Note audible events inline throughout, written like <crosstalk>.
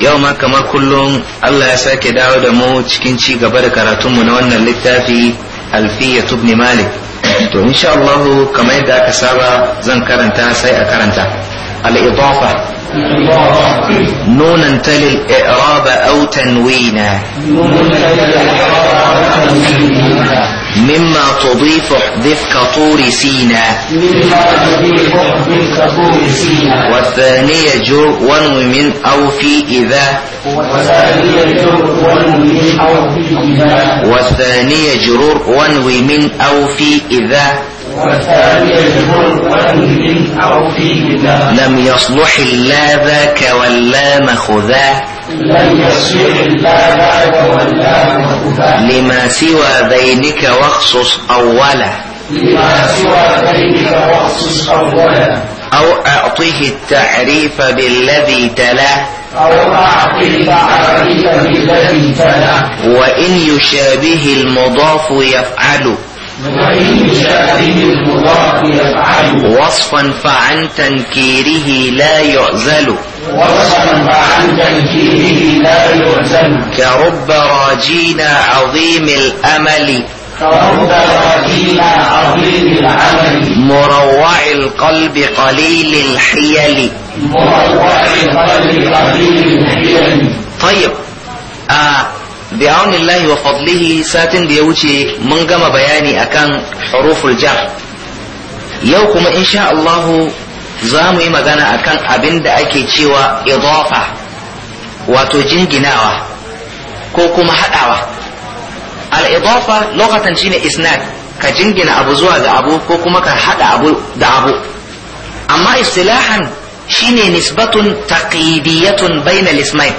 yau ma kamar kullum Allah ya sake dawo da mu cikin ci gaba da karatunmu na wannan littafi alfiya tubni malik to insha Allah kamar yadda aka saba zan karanta sai a karanta al-idafa nunan talil i'raba aw tanwina nunan talil مما تضيف احذف كطور سينا والثانية جر وانو من أو في إذا والثانية جرور وانو من أو في إذا لم يصلح اللاذا واللام خذاه لن لما سوى ذينك واخصص أولا لما سوى ذينك واخصص أولا أو أعطه التعريف بالذي تلاه أو أعطي التعريف بالذي تلاه وإن يشابه المضاف يفعل وإن يشابه المضاف يفعل وصفا فعن تنكيره لا يعزل وصفا عن تنكيره لا يعزم كرب راجينا عظيم الأمل كرب راجينا عظيم العمل مروع القلب قليل الحيل مروع القلب قليل الحيل طيب آه بعون الله وفضله ساتن da ya wuce mun gama bayani akan huruful jar yau kuma insha Allah za mu yi magana akan abin da ake cewa idafa wato jinginawa ko kuma haɗawa al-idafa shi shine isnad ka jingina abu zuwa ga abu ko kuma ka haɗa abu da abu amma istilahan shine nisbatun taqidiyatun bainal ismail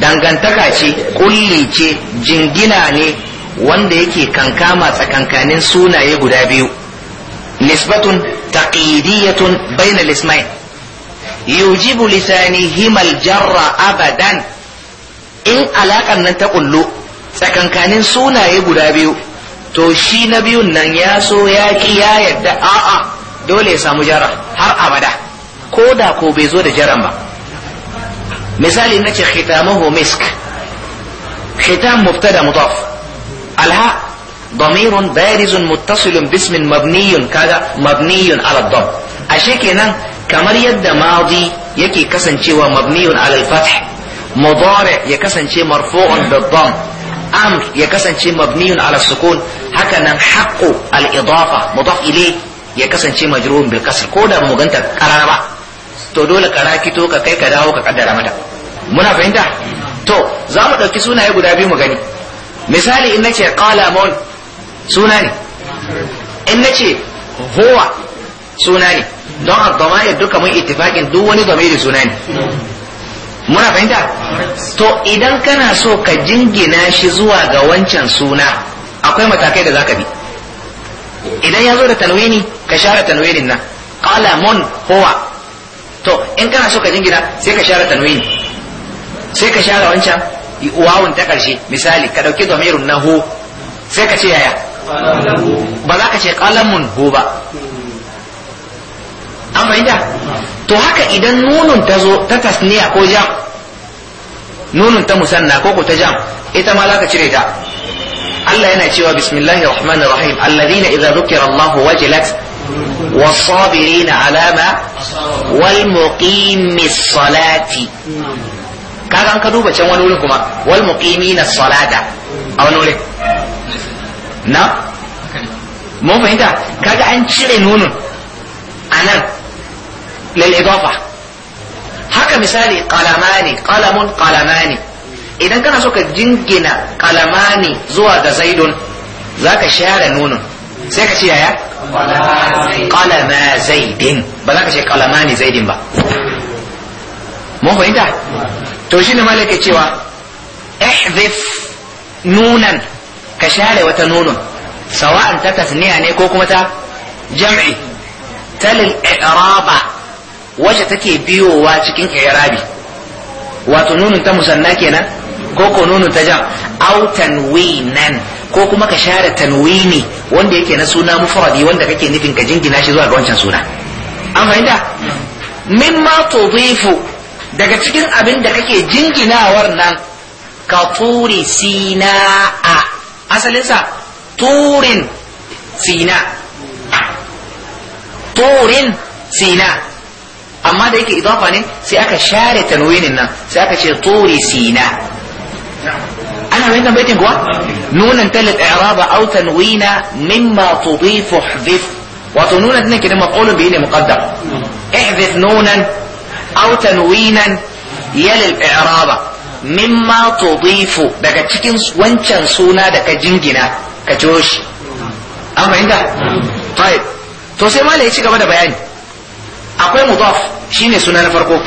dangantaka ce kulli ce jingina ne wanda yake kankama tsakankanin sunaye guda biyu nisbatun tun تقييدية بين الاسمين يوجب لسانهما الجر أبدا إن nan ta تقول tsakankanin sunaye guda biyu to shi na biyun nan ya so ya ki ya yarda a'a dole ya samu jara har abada ko da ko bai zo da jaran ba misali na ce khitamahu misk khitam mubtada mudaf alha ضمير بارز متصل باسم مبني كذا مبني على الضم ashe kenan kamar yadda madi yake kasancewa mabniyun alal fath mudari ya kasance marfu'un bid-dhamm amr ya kasance mabniyun ala sukun haka nan al-idafa mudaf ya kasance majrurun bil ko da mu ganta karara ba to dole kara kito ka kai ka dawo ka kaddara mata muna fahimta to za mu dauki sunaye guda biyu mu gani misali in nace qala mun suna ne in na ce howa suna ne don a damair duka mun itifakin duk wani damairi suna ne muna fahimta to idan kana so ka jingina shi zuwa ga wancan suna akwai matakai da zaka bi idan ya zo da tanwini ka share tanwinin nan mun howa to in kana so ka jingina sai ka share tanwini sai ka share wancan wawun ta karshe misali ka dauki na ho sai ka ce yaya ba za ka ce kalamun hu ba an fahimta to haka idan nunun ta zo ta tasniya ko jam nunun ta musanna ko ko ta jam ita ma za ka cire ta Allah yana cewa bismillahir rahmanir rahim alladhina idza dhukira Allah wajilat والصابرين على ما والمقيم الصلاة كذا أنك دوبة كم ونقول لكم والمقيمين الصلاة أو نقول na mun fahimta kaga an cire nonon a nan lalidofa haka misali kalamani kalamun kalamani idan kana so ka jingina kalamani zuwa ga zaidun za ka share nonon sai ka ce yaya kalama zaidin ba za ka ce kalamani zaidin ba mun fahimta to shi ne malaka cewa ihdif nunan ka share wata nunun sawa'an ta tasniya ne ko kuma ta jam'i talil i'raba wacce take biyowa cikin i'rabi wato nunun ta musanna kenan ko ko nunun ta jam au tanwinan ko kuma ka share tanwini wanda yake na suna mufradi wanda kake nufin ka jingina shi zuwa ga wancan suna an fahimta mimma tudifu daga cikin abin da kake jinginawar nan ka turi sina'a asalinsa turin sina turin sina amma da yake idafa ne sai aka share tanwinin nan sai aka ce turi sina ana fahimtar baitin kuwa nunan talit i'raba aw tanwina mimma tudif ihdif wato nunan tana kidan maqulun bihi ne muqaddar ihdif nunan aw tanwinan yal al-i'raba mimma tudifu daga cikin wancan suna da ka jingina ka joshi. an fahimta tayyib to sai malai ci gaba da bayani akwai mudaf shine suna na farko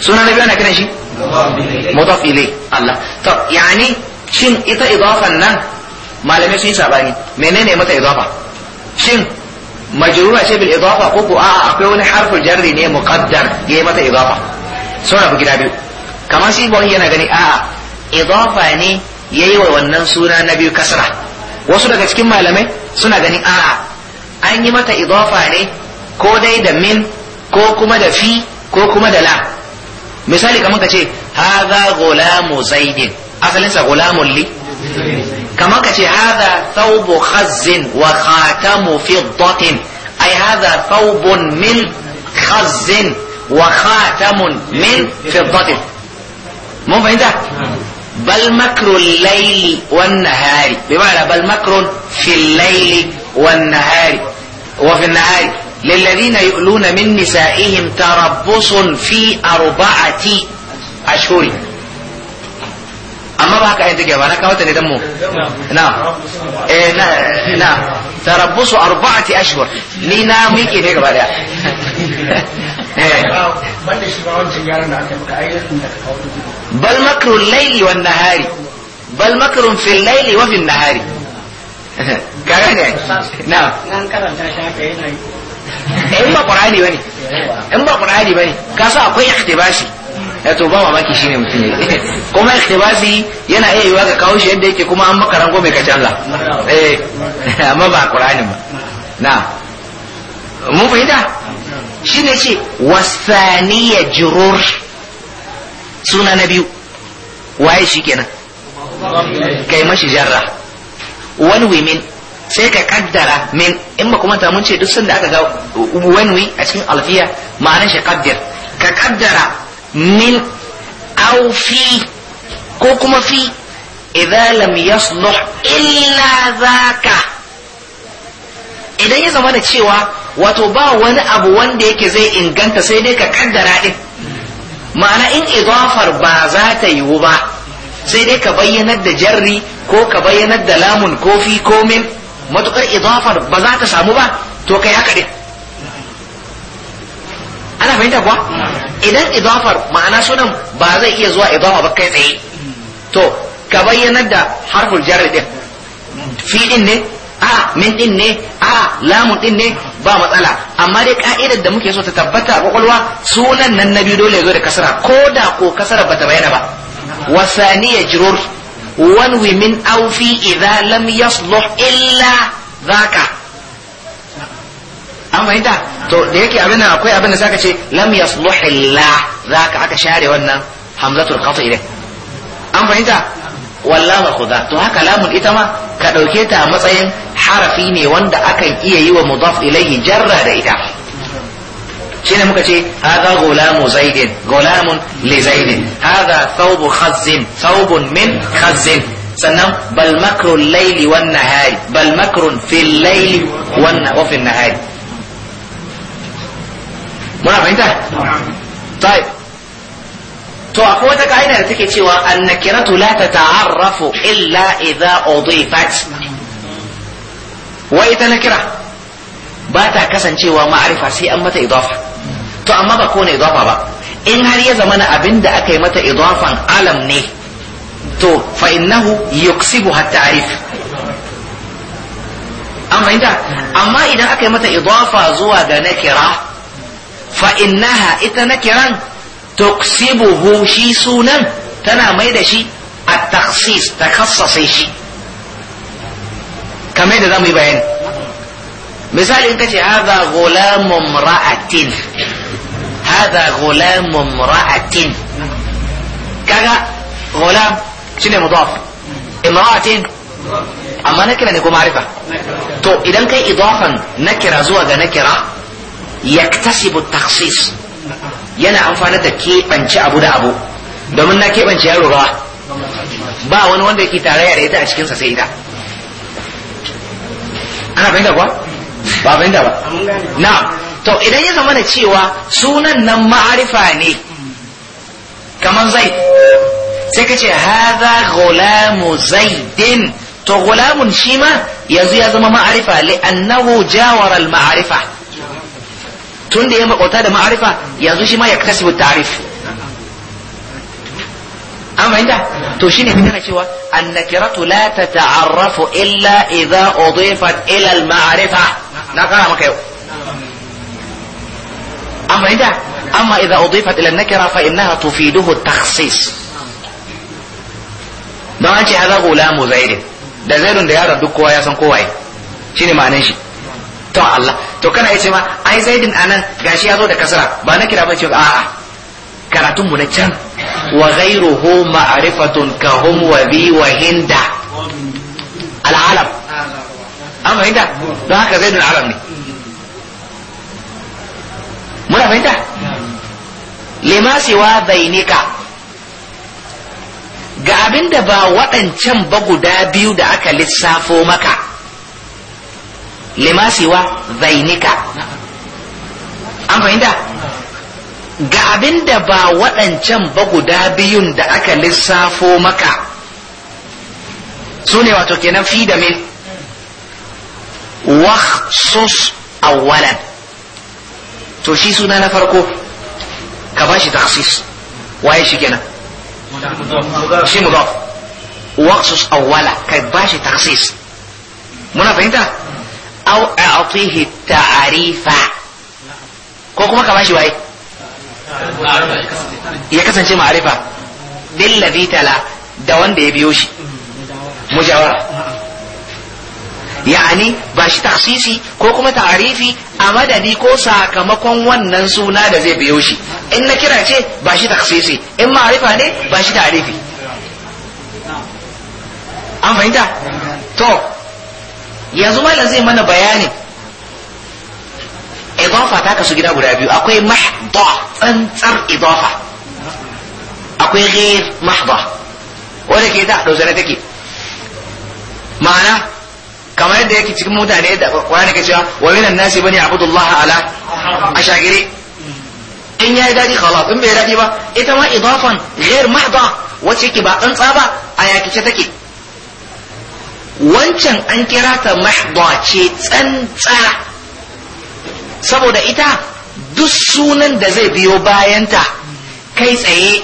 suna na biyu ana kiran shi mudaf ilai Allah to yani shin ita idafan nan malamai sun yi sabani menene mata idafa shin majrura ce bil idafa ko ko a'a akwai wani harfin jarri ne muqaddar yayi mata idafa suna bu gida biyu kamar shi ibrahim yana gani a'a idafa ne yayi wa wannan suna na biyu kasra wasu daga cikin malamai suna ganin a'a an yi mata idafa ne ko dai da min ko kuma da fi ko kuma da la misali kamar ka ce haza gulamu zaidin asalinsa gulamun li kamar ka ce haza thawbu khazzin wa khatamu fiddatin ai haza thawbun min khazzin wa khatamun min fiddatin مو fahimta bal makru laili wan nahari bi ma'ana bal makru fil laili wan nahari للذين يؤلون من نسائهم تربص في أربعة أشهر أما بقى أنت جاب أنا كم تني دمو نعم إيه، نعم تربص أربعة أشهر لنا ميكي هيك بعد <laughs> يا إيه. بلش بعون سيارة ناتي بقى أيه bal makrul laili wa nahari bal makrun fil laili wa fil nahari <laughs> kaga ne na nan karanta shi haka yi. Eh, in ba ba ne. in ba qur'ani bane ka sa akwai ikhtibashi ya eh, to ba shi ne mutum ne <laughs> kuma ikhtibasi yana iya yiwa ga kawo shi yadda yake kuma an maka rango mai ka canza eh <laughs> amma ba qur'ani ba na mun fahimta ne ce wasaniya jurur suna na biyu waye shi kenan kai mashi jarra wani wimin sai ka kaddara min in ba kuma mun ce duk sanda aka ga wani a cikin alfiya ma'anar shi kaddar. ka kaddara min au fi ko kuma fi idan lam yasluh illa zaka idan ya zama da cewa wato ba wani abu wanda yake zai inganta sai dai ka kaddara din ma'ana in idafar ba za ta yiwu ba sai dai ka bayyanar da jarri ko ka bayyanar da lamun kofi ko min matukar idafar ba za ta samu ba to kai haka din ana fahimta kuwa idan idafar ma'ana sunan ba zai iya zuwa idafa ba kai tsaye to ka bayyanar da harful jarri din fi din ne a min din ne a lamun din ne ba matsala amma dai ka'idar da muke so ta tabbata a kwakwalwa sunan nan na biyu dole ya zo da kasara ko da ko kasara bata bayyana ba ya jirur wan wimin aufi idan lam yasluh illa zaka an fahimta to da yake abin akwai abin da saka ce lam yasluh illa zaka aka share wannan hamzatul qati idan an fahimta wallama khuda to haka lamun ita ma ka dauke ta matsayin harafi ne wanda akan iya yi wa mudaf ilayhi jarra da ita shine muka ce hadha gulamu zaidin gulamun li zaidin hadha thawbu khazzin thawbun min khazzin sannan bal makrul layli wan nahari bal makrun fil layli wan wa fil nahari muna fahimta طيب to akwai wata ka'ida da take cewa annakiratu la ta ta'arrafu illa idza udifat wa ita nakira ba ta kasancewa ma'arifa sai an mata idafa to amma ba kone idafa ba in har ya zama zamana abinda aka yi mata idafan alam ne to fa innahu yuksibu hatta arif an fahimta amma idan aka yi mata idafa zuwa ga nakira fa innaha ita nakiran تقسمه شي سونم تنا ميدا شي التخصيص تخصص شي كما يدا دام يبين مثال انت هذا غلام امرأة هذا غلام امرأة كذا غلام شنو مضاف امرأة أما نكرة نكون معرفة تو إذا كان اضافا نكرة زوجة نكرة يكتسب التخصيص yana amfana da keɓance abu da abu domin na keɓance yaro ba ba wani wanda yake tare da ita a cikinsa sai ita ana fahimta kuwa ba fahimta ba na to idan ya zama da cewa sunan nan ma'arifa ne kamar zai sai ka ce haza gulamu zaidin to gulamun shi ma yanzu ya zama ma'arifa li jawara al-ma'arifa tun da ya makauta da ma'arifa yanzu shi ma ya kasibu ta'arif an fahimta to ne tana cewa annakiratu la illa udifat ila al na kara maka yau an fahimta amma idza udifat ila an-nakira fa innaha tufiduhu takhsis dan an ce hada gulamu zaidin da zaidun da yaron duk kowa ya san kowaye shine ma'anin shi to Allah to kana ce ma ai zaidin anan gashi ya zo da kasra ba na kira a a'a karatun mu na can wa ghayruhu ma'rifatun ka hum wa bi wa hinda al'alam an fahimta don haka zaidin alam ne muna fahimta lima siwa bainika ga abin da ba waɗancan ba guda biyu da aka lissafo maka lima siwa zainika an fahimta ga abin da ba waɗancan ba guda biyun da aka lissafo maka su ne wato kenan fi da min waksus awwalan to shi suna na farko ka ba shi taksis waye shi kenan shi mudaf waksus awwala ka ba shi taksis muna fahimta au a'tihi ta'rifa ko kuma ka bashi waye ya kasance ma'arifa bil ladhi tala da wanda ya biyo shi mujawara ya'ani ba shi ko kuma ta'arifi a madadi ko sakamakon wannan suna da zai biyo shi in na kira ce ba shi taksisi in ma'arifa ne ba shi ta'arifi an fahimta to yanzu malam zai mana bayani. idafa ta kasu gida guda biyu akwai mahda tsantsar idafa akwai ghair mahda wanda ke da dausa ne take ma'ana kamar yadda yake cikin mutane da wani ke cewa wa minan nasi bani abudullah ala ashagiri in yayi dadi khalas in bai dadi ba ita ma idafan ghair mahda wacce ke ba tsantsa ba a yakice take wancan an kira ta mahda ce tsantsa saboda ita duk sunan da zai biyo bayanta kai tsaye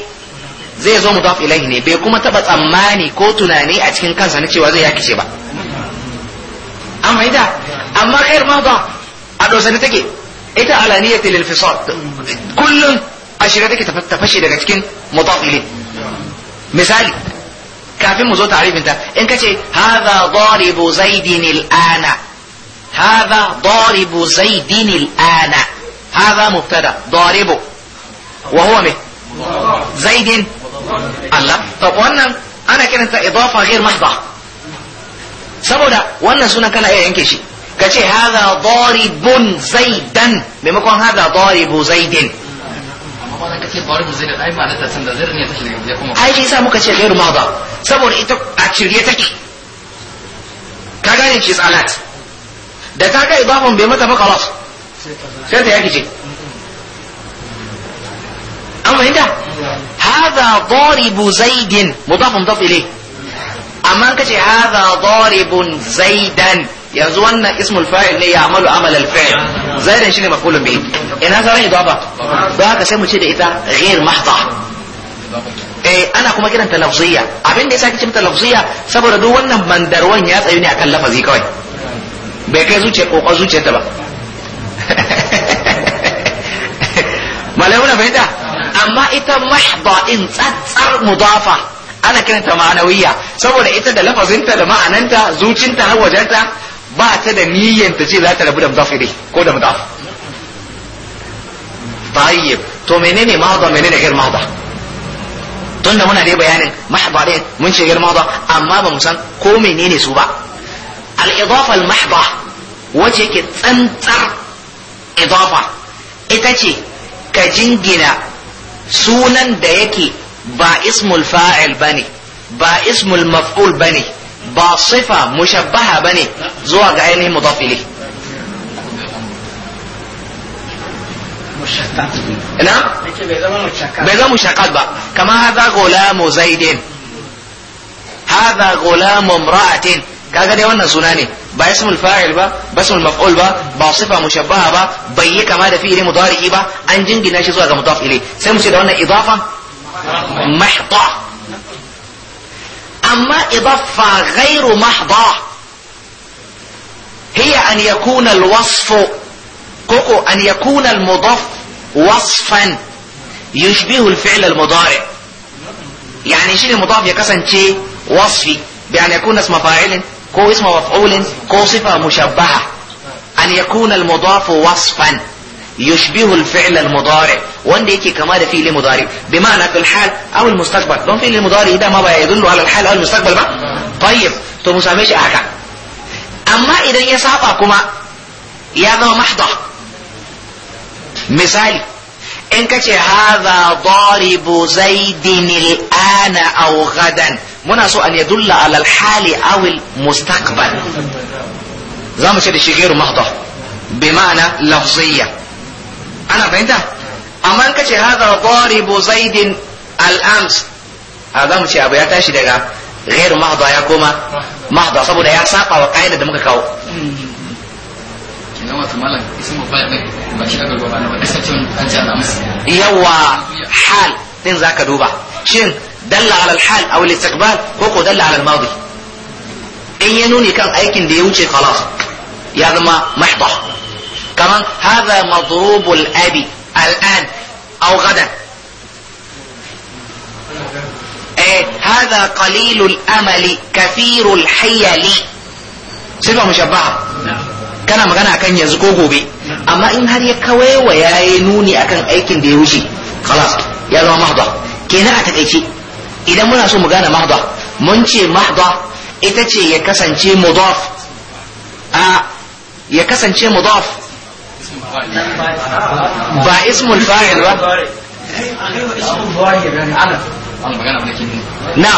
zai zo mudaf ilaihi ne bai kuma taba tsammani ko tunani a cikin kansa na cewa zai ce ba an haida amma khair ma ba a dosani take ita alaniyatul infisal kullun ashira take tafashe daga cikin mudaf ilaihi misali kafin mu zo ta'arifin ta in kace hadha daribu zaidin al'ana hadha daribu zaidin al'ana hadha mubtada daribu wa huwa me zaidin Allah to wannan ana kiranta idafa ghair mahdha saboda wannan sunan kana iya yanke shi kace hadha daribun zaidan maimakon hadha daribu zaidin ai shi yasa muka ce gairu mahdha saboda ita a cirye take ka gane shi tsanat da ta ga idafan bai mata maka wasu sai ta yaki ce an fahimta hada daribu zaidin mudafun daf ilai amma kace hada bun zaidan yanzu wannan ismul fa'il ne ya amalu amal al fa'il zaidan shine maf'ulun bihi ina sauran ba ba ka sai mu ce da ita ghair mahdha eh ana kuma kiranta lafziya abin da yasa kike mata lafziya saboda duk wannan mandarwan ya tsayu ne akan lafazi kawai bai kai zuciya kokon zuciyar ta ba <laughs> malamuna fahimta amma ita mahda in tsatsar mudafa ana kiranta ma'anawiyya saboda ita da lafazinta da ma'ananta zucinta har wajenta ba ta da niyyar ta ce za ta rabu da mudaf ko da mudaf tayyib to menene mahda menene ghair mahda tunda muna dai bayanin mahdharin mun ce girma ba amma ba mu san ko menene su ba al idafa al mahdha wace yake tsantsar idafa ita ce ka jingina sunan da yake ba ismul fa'il bane ba ismul maf'ul bane ba sifa mushabbaha bane zuwa ga ainihin mudaf نعم بيضا مشتقات بقى كما هذا غلام زيد هذا غلام امرأة كاغني وانا سناني باسم الفاعل با باسم المفعول با بصفة مشبهة با بيي كما ده فيه مضارعي با انجن جناشي سوى مضاف إليه سيمو سيدا وانا إضافة محضة أما إضافة غير محضة هي أن يكون الوصف كوكو أن يكون المضاف وصفا يشبه الفعل المضارع يعني شيء المضاف يكسن شيء وصفي بأن يكون اسم فاعل كو اسم مفعول كو صفة مشبهة أن يكون المضاف وصفا يشبه الفعل المضارع وانده يكي كما ده فيه مضارع بمعنى في الحال او المستقبل دون فيه المضارع ده ما يدل على الحال او المستقبل ما طيب تو مسامش احكا اما اذا يسابع كما يا ذا محضة مثال إنك كتش هذا ضارب زيد الآن أو غدا منا سوء أن يدل على الحال أو المستقبل زامن شدي شغير مهضة بمعنى لفظية أنا فهمت أما إنك كتش هذا ضارب زيد الأمس هذا مش أبو ياتاشي دقا غير محض يا كوما مهضة صبو ده يا ساقة وقايدة دمك كاو يوا حال دين ذاك دوبا شين دل على الحال او الاستقبال هو دل على الماضي ان ينوني كان ايكن دي يوجي خلاص يرمى محضة كمان هذا مضروب الابي الان او غدا ايه هذا قليل الامل كثير الحيل سيبا مشبهة نعم. كان مغنى كان يزقوه بيه amma in har ya kawaiwa ya yi nuni akan aikin da ya wuce kalas ya zama mahda kenan a takaice idan muna so mu gane mahdwa mun ce mahdwa ita ce ya kasance mudaf a ya kasance mudaf ba ismul fa'il ba na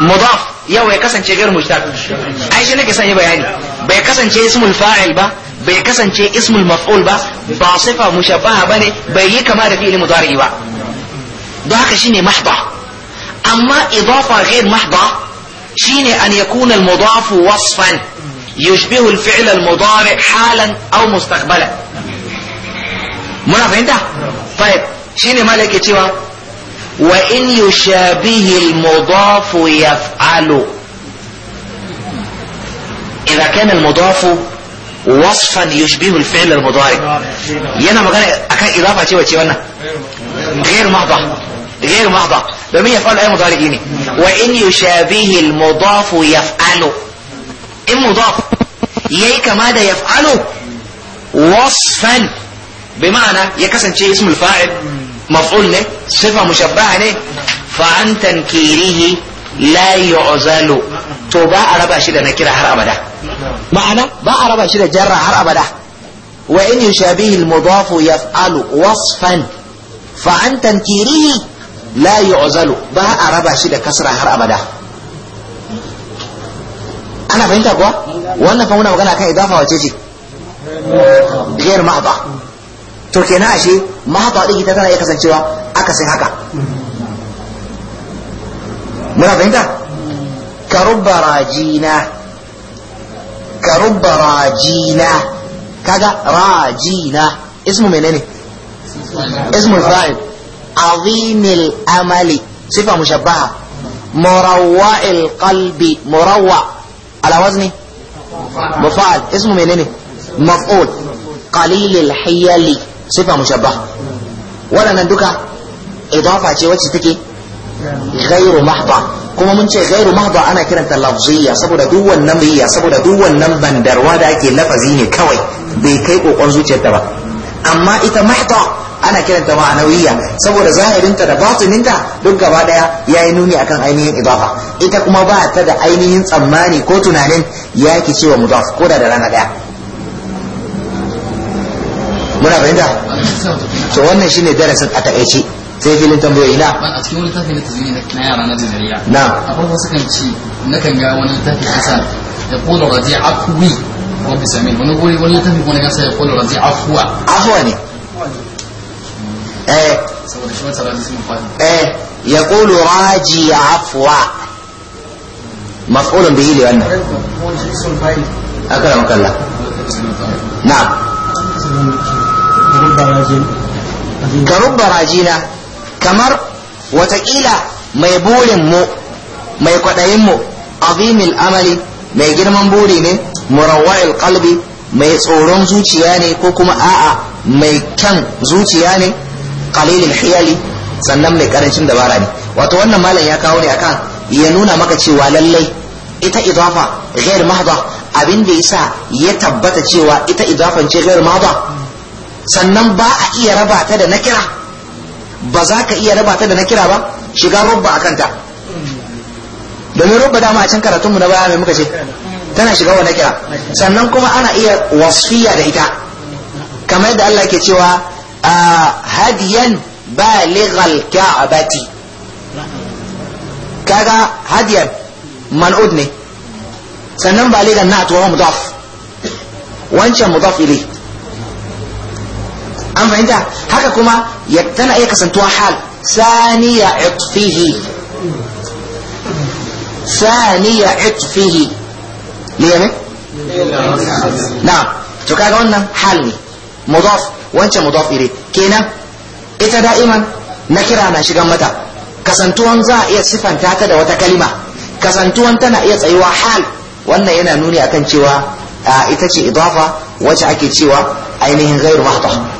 mudaf yau ya kasance gar mushtaq ai shi nake sanya bayani bai kasance ismul fa'il ba bai kasance ismul maf'ul ba ba sifa mushabbaha bane bai yi kama da fi'il mudari ba don haka shine mahdha amma idafa ghair mahdha shine an yakuna al mudaf wasfan yushbihu al fi'l al mudari halan aw mustaqbalan muna fahimta طيب shine malaka cewa وإن يشابه المضاف يفعل إذا كان المضاف وصفا يشبه الفعل المضارع ينا مغانا أكان إضافة تيوة تيوانا غير محضة غير محضة لمن يفعل أي مضارع جيني وإن يشابه المضاف يفعل إيه المضاف يأيك ماذا يفعل وصفا بمعنى يكسن شيء اسم الفاعل مفعول نه صفة مشبهة نه فعن تنكيره لا يعزل تو با عربا شدا نكرة هر أبدا معنى با عربا شدا جرى هر أبدا وإن يشابه المضاف يفعل وصفا فعن تنكيره لا يعزل با عربا شدا كسرة هر أبدا أنا فهمتك وا وأنا فهمنا وقنا كإضافة وتجي غير محضة تو كنا شيء mahaɗaɗi ita tana iya kasancewa akasin haka muna fahimta ka rubba rajina ka rubba rajina kaga rajina ismu menene ismu fa'il azimil amali sifa mushabbaha murawwa'il qalbi murawwa ala wazni mufa'al ismu menene maf'ul qalilil hiyali sifa mushabba waɗannan duka idafa ce wacce take ghairu mahba kuma mun ce ghairu mahba ana kiranta lafziya saboda duk wannan biya saboda duk wannan bandarwa da ake lafazi ne kawai bai kai kokon zuciyarta ba amma ita mahba ana kiranta ma'anawiyya saboda zahirinta da batininta duk gaba daya yayi nuni akan ainihin idafa ita kuma ba ta da ainihin tsammani ko tunanin yaki cewa mudaf ko da da rana daya muna fahimta to wannan shine darasin a takaice sai filin tambayoyi na a cikin wani tafi na tazini na yara na jazariya na akwai wasu kan ci na kan ga wani tafi kasa da kola razi afuwi wani samin wani gori wani tafi wani kasa da kola razi afuwa afuwa ne eh saboda shi wata razi sun fadi eh ya kola raji afuwa maf'ulun bihi ne wannan akara makalla na garin barajina kamar watakila mai burin mu mai kwaɗayin mu azimil amali mai girman buri ne murawwa'il qalbi mai tsoron zuciya ne ko kuma a'a mai kyan zuciya ne qalilil hiyali sannan mai karancin dabara ne wato wannan malam ya kawo ne akan ya nuna maka cewa lallai ita idafa ghair mahdha abin da yasa ya tabbata cewa ita idafan ce ghair mahdha sannan ba a iya raba ta da nakira ba za ka iya raba ta da nakira ba shiga rubba a kanta domin rubba dama a can karatunmu na baya mai muka ce tana shiga wa nakira sannan kuma ana iya wasfiya da ita kamar yadda Allah ke cewa ah, hadiyan balighal ka'abati kaga hadiyan man'ud ne sannan baligan na tuwa mudaf wancan mudaf iri. an fahimta haka kuma ya tana iya kasantuwa hal saniya itfihi saniya itfihi liyame na to kaga wannan hal ne mudaf wancan mudaf ire kenan ita da'iman na kira na shigan mata kasantuwan za a iya sifanta ta da wata kalima kasantuwan tana iya tsayuwa hal wannan yana nuni akan cewa ita ce idafa wacce ake cewa ainihin gairu mahdha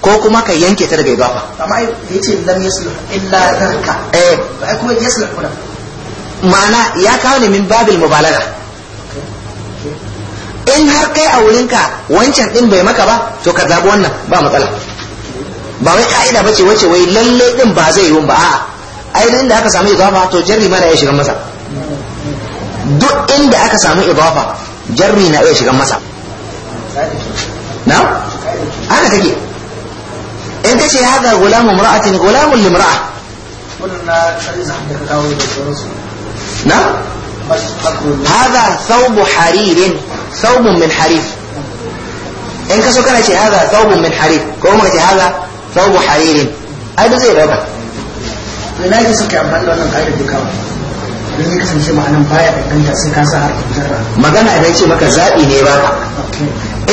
ko kuma ka yanke ta daga idafa amma ya ce lam yasluh illa zarka eh ba kuma yasluh kuma ma'ana ya kawo ne min babil mubalaga in har kai a wurinka wancan din bai maka ba to ka zabi wannan ba matsala ba wai ka'ida bace wace wai lalle din ba zai yi ba a'a ai inda aka samu idafa to jarri ma na iya shigan masa duk inda aka samu idafa jarri na iya shigan masa na haka take in ka ce haɗa gulamun mura'atin gulamun limra'a na haɗa saubu haririn saubun min harif in ka so kana ce haɗa saubun min harif ko kuma ce haɗa saubu haririn ai zai raba. Ina yi suke amfani da wannan ƙa'idar duka don ya kasance ma'anan baya inganta sai ka sa harfin jarra magana idan ce maka zaɓi ne ba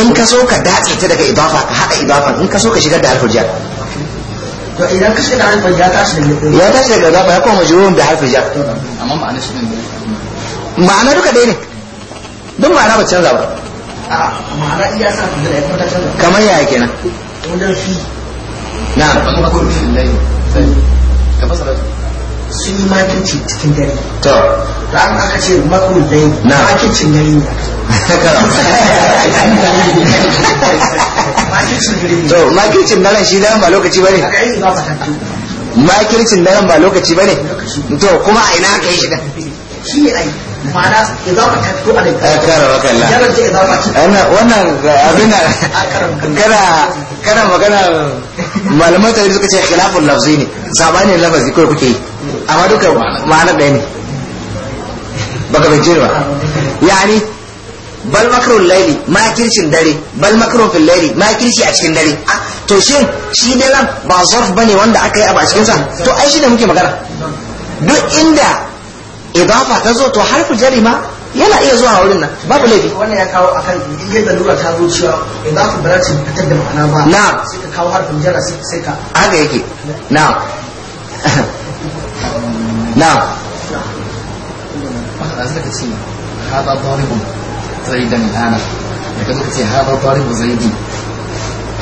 in ka so ka datse ta daga Ibafa ka haɗa idafa in ka so ka shigar da harfin jar to idan ka shigar da harfin jar ta shi da ya tashi daga Ibafa ya koma majrurun da harfin jar amma ma'ana shi ne ma'ana duka dai ne duk ma'ana ba canza ba ma'ana iya sa kuma da ya kuma ta canza kamar ya yaya kenan wajen fi na ba ga gurbin lai sai ka fasara cin yi makinci cikin dare to da an aka ce makon dai na cin dare ne to makincin dare shi daren ba lokaci ba ne makircin ba lokaci ba to kuma a ina ka yi shi shi ne ai ma'ana idafa ka tattu a da kara wa kalla jarabta idafa ta wannan abin da kana magana malaman tare suka ce khilafun lafzi ne sabanin lafazi kawai kuke yi amma duka ma'ana ɗaya ne baka bai ba yani bal makarun laili makircin dare bal makarun fil laili makirci a cikin dare ah, to shin shi lam ba zarf bane wanda aka yi abu a cikinsa to ai shi ne muke magana duk inda idafa ta zo to harfin jari ma yana iya zuwa wurin nan babu laifi wannan ya kawo akan yadda lura ta zo cewa in za ku barata fitar da ma'ana ba na sai ka kawo harfin jara sai ka haka yake na na haka zaka ce hada daribun zaidan ana da kazo ka ce hada daribu zaidi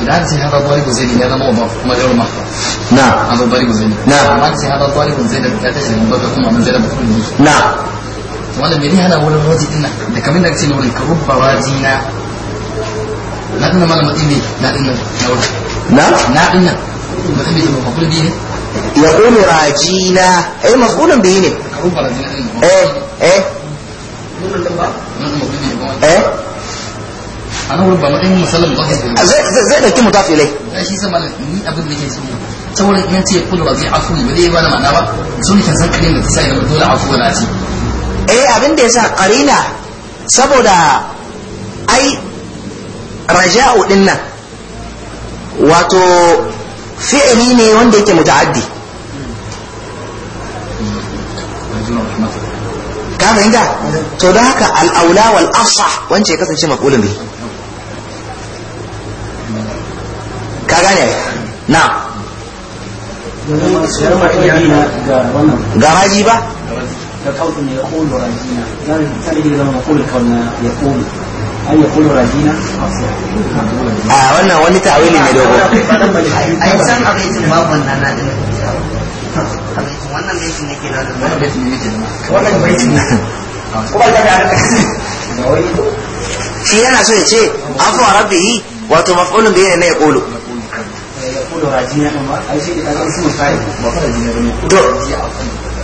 idan ce hada daribu zaidi ya zama mudaf kuma yau mahfa na hada daribu zaidi na amma ce hada daribu zai da ta shi mudaf kuma mun zaida mutum na wala me hana wurin raji dinnan da kamar da kace wurin karubba rajina na dinnan malama dinne na dinnan na wurin na na dinnan mutum bai mafulun bi ne ya qulu rajina eh ne karubba eh eh eh ana wurin ba matsayin musallam ba zai dauki shi sama ni abin da ke so sauran in ce kullu razi afu ba dai ba na ma'ana ba sun kan san da ta sai dole afu na ci eh abin da ya sa qarina saboda ai raja'u din nan wato fi'ili ne wanda yake muta'addi ka fahimta to da haka al'aula wal afsah wance ya kasance maqulun ne ka gane na ga maji ba كقول يقول تلقي لما نقول كنا <laughs> يقول ya kulu wannan wani ne dogo ai san na wannan na wannan ko shi yana so ya ce an rabbihi wato maf'ulun bihi ne ya kolo. to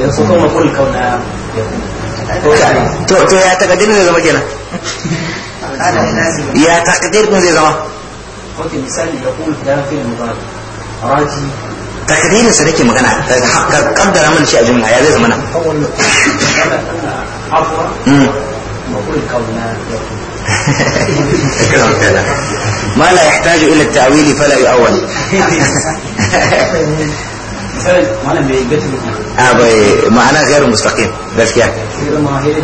yanzu kuma kul kauna to to ya takaddirin zai zama kenan ya takaddirin zai zama wata misali ya kul da fi mutar raji takaddirin sa nake magana kaddara mana shi a jumla ya zai zama nan afwa وكل كونها ما لا يحتاج إلى التأويل فلا يؤول a bai ma'ana gairu mustaqim gaskiya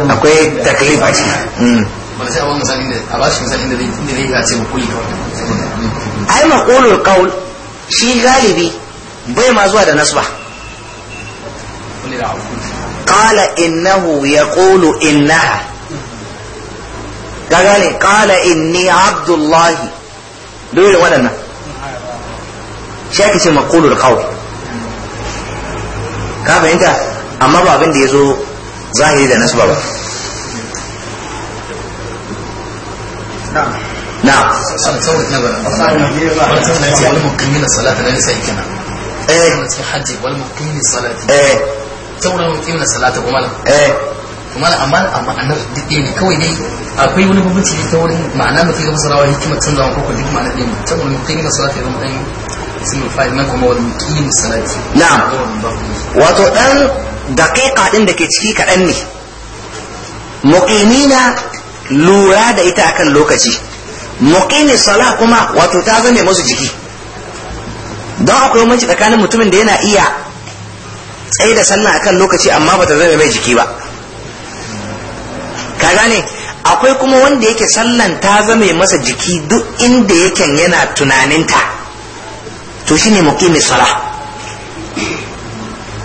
akwai taklif a ciki wanda sai a wani misali da a ba shi misali da zai yi a ce makuli kawai ai makulul qaul shi galibi bai ma zuwa da nasba qala innahu yaqulu innaha gaga ne qala inni abdullahi dole waɗannan shi ake ce makulul qaul ka fahimta amma ba abin da ya zo zahiri da nasba ba na eh. eh. kuma eh. amma amma anar dade ne kawai dai akwai wani bambanci ne ta wurin ma'ana mutum ya fasara wani hikimar canzawa ko kuma ma'ana ɗaya ne saboda mutum ya salati ya zama ɗan sun rufa kuma wani kimin salati na'am wato ɗan daƙiƙa ɗin da ke ciki kaɗan ne muƙimina lura da ita akan lokaci muƙimi sala kuma wato ta zame musu jiki don akwai manci tsakanin mutumin da yana iya tsaye da sallah akan lokaci amma ba ta zame mai jiki ba ka gane akwai kuma wanda yake sallan ta zame masa jiki duk inda yake yana tunaninta to shine muƙimi sala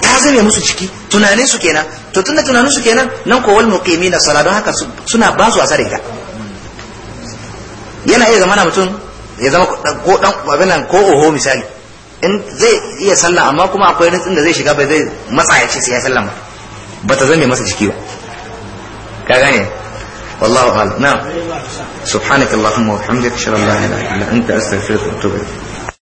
ta zame musu ciki tunanin su kenan to tunda tunanin su kenan nan ko wal muqimina sala don haka suna ba su asar ka yana iya zama mutum ya zama ko dan abin nan ko oho misali in zai iya sallah amma kuma akwai rintsin da zai shiga bai zai matsa ya ce sai ya sallah ba ta zame masa ciki ba ka gane والله اعلم نعم سبحانك اللهم وبحمدك اشهد ان لا اله الا انت استغفرك واتوب اليك